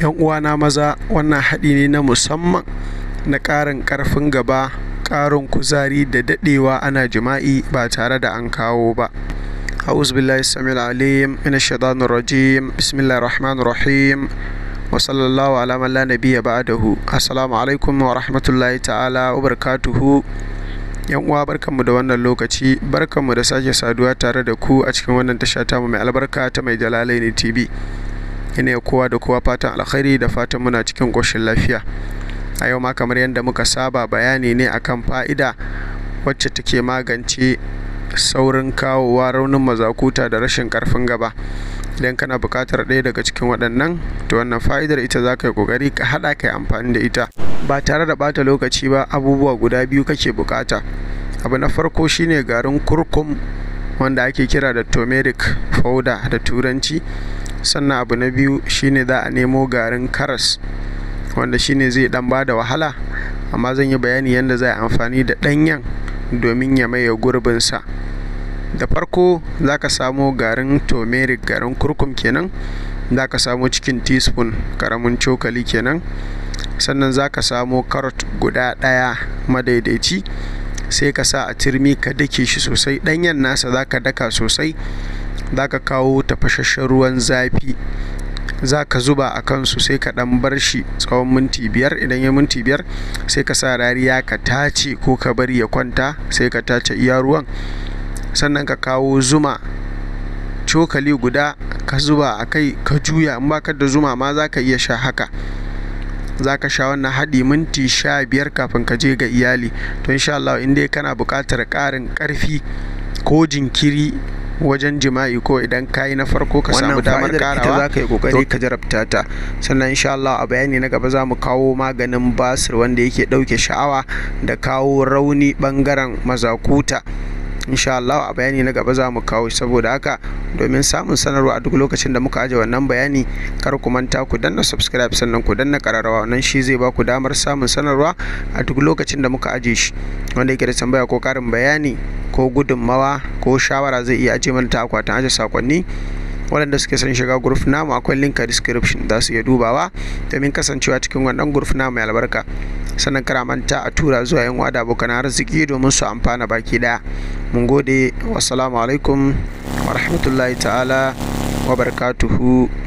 'yan uwana maza wannan haɗi ne na musamman na ƙarin ƙarfin gaba ƙarin kuzari da daɗewa ana jima'i ba tare da an kawo ba أعوذ بالله السميع العليم من الشيطان الرجيم بسم الله الرحمن الرحيم وصلى الله على من لا نبي بعده السلام عليكم ورحمة الله تعالى وبركاته yan uwa barkanmu da wannan lokaci barkanmu da sake saduwa tare da ku a cikin wannan tasha ta mai albarka ta mai jalalaini tv ina kowa da kowa fatan alkhairi da fatan muna cikin ƙoshin lafiya a yau ma kamar yadda muka saba bayani ne akan fa'ida wacce take magance saurin kawowa raunin mazakuta da rashin karfin gaba idan kana bukatar ɗaya daga cikin waɗannan to wannan fa'idar ita za ka yi ƙoƙari ka haɗa ka amfani da ita ba tare da ɓata lokaci ba abubuwa guda biyu kake bukata abu na farko shine garin kurkum wanda ake kira da turmeric powder da turanci sannan abu na biyu shine za a nemo garin karas wanda shine zai dan da wahala amma zan yi bayani yadda za amfani da ɗanyen domin ya maye sa da farko za ka samo garin turmeric garin kurkum kenan za ka samo cikin teaspoon karamin cokali kenan sannan za ka samo carrot guda ɗaya madaidaici sai ka sa a turmi ka dake shi sosai ɗanyen nasa za ka daka sosai za ka kawo tafasasshen ruwan zafi za ka zuba a kansu sai ka ɗan bar shi tsawon minti biyar idan ya minti biyar sai ka sa rariya ka tace ko ka bari ya kwanta sai ka tace iya ruwan sannan ka kawo zuma cokali guda ka zuba a kai ka juya in baka da zuma ma za ka iya sha haka za ka sha wannan haɗi minti sha biyar kafin ka je ga iyali to insha Allah in dai kana buƙatar ƙarin ƙarfi ko jinkiri wajen jima'i ko idan kayi na farko ka samu damar karawa ita zaka yi kokari ka jarabta ta sannan insha Allah a bayani na gaba mu kawo maganin basir wanda yake ɗauke sha'awa da kawo rauni bangaren mazakuta insha Allah a bayani na gaba za mu kawo saboda haka domin samun sanarwa a duk lokacin da muka aje wannan bayani kar ku manta ku danna subscribe sannan ku danna kararrawa wannan shi zai ba ku damar samun sanarwa a duk lokacin da muka aje shi wanda yake da tambaya ko karin bayani ko gudunmawa ko shawara zai iya aje mana ta akwatin aje sakonni waɗanda suke son shiga group namu akwai link a description za su iya dubawa domin kasancewa cikin wannan group namu mai albarka sannan karamanta manta a tura zuwa yan wada abokan arziki domin su amfana baki daya mun gode wasu alaikum wa rahmatullahi ta'ala wa barakatuhu